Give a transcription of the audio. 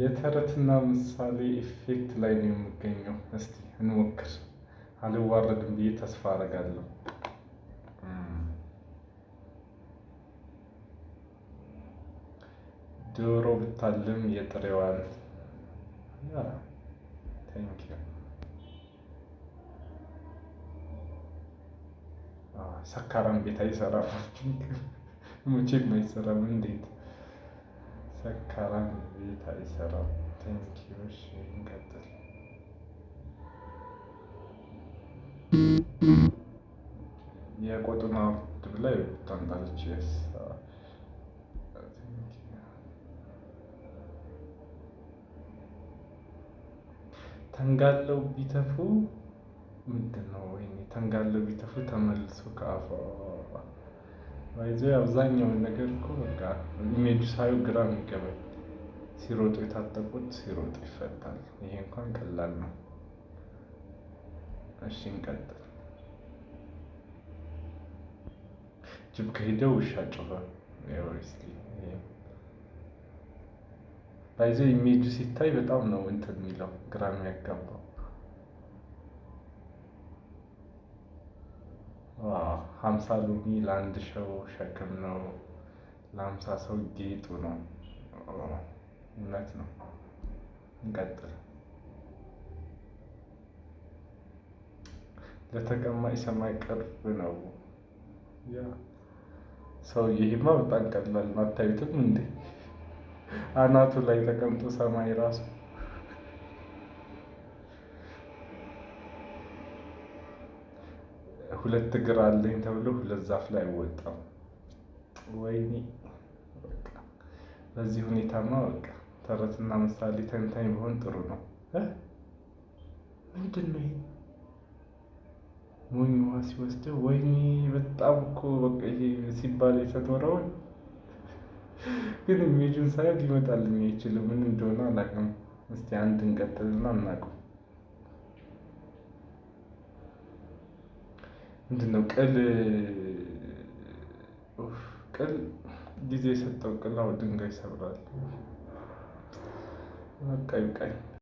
የተረትና ምሳሌ ኢፌክት ላይ ነው የምገኘው። እስቲ እንሞክር። አልዋረድም ብዬ ተስፋ አደርጋለሁ። ዶሮ ብታልም የጥሬዋን ሰካራም ቤት አይሰራም፣ መቼም አይሰራም። እንዴት ሰካራም ቤት አይሰራም። ቴንኪው እሺ፣ እንቀጥል። የቆጥና አውርድ ላይ ተንጣለች ተንጋለው ቢተፉ ምንድን ነው ወይ? ተንጋለው ቢተፉ ተመልሶ ከአፏ ባይዘ አብዛኛውን ነገር እኮ በቃ ኢሜጅ ሳዩ ግራ የሚገባኝ ሲሮጡ የታጠቁት ሲሮጡ ይፈታል። ይሄ እንኳን ቀላል ነው። እሺ እንቀጥል። ጅብ ከሄደ ውሻ ጮኸ። ባይዘ ኢሜጅ ሲታይ በጣም ነው እንትን የሚለው ግራ የሚያጋባው ሀምሳ ሎሚ ለአንድ ሰው ሸክም ነው፣ ለሀምሳ ሰው ጌጡ ነው። እውነት ነው። እንቀጥል። ለተቀማጭ ሰማይ ቅርብ ነው። ሰው ይህማ በጣም ቀላል ማታዩትም እንዴ? አናቱ ላይ ተቀምጦ ሰማይ ራሱ ሁለት እግር አለኝ ተብሎ ሁለት ዛፍ ላይ አይወጣም። ወይኔ በዚህ ሁኔታማ በቃ ተረትና ምሳሌ ተንታኝ ቢሆን ጥሩ ነው። ምንድን ነው ይሄ? ሞኝ ውሃ ሲወስደው ወይኔ በጣም እኮ በቃ ይሄ ሲባል የተኖረውን ግን ሜጁን ሳይድ ሊመጣልኝ አይችልም። ምን እንደሆነ አላውቅም። እስቲ አንድ እንቀጥልና እናቀው ምንድን ነው ቅል ቅል ጊዜ የሰጠው ቅላው ድንጋይ ይሰብራል። በቃ ይብቃኝ።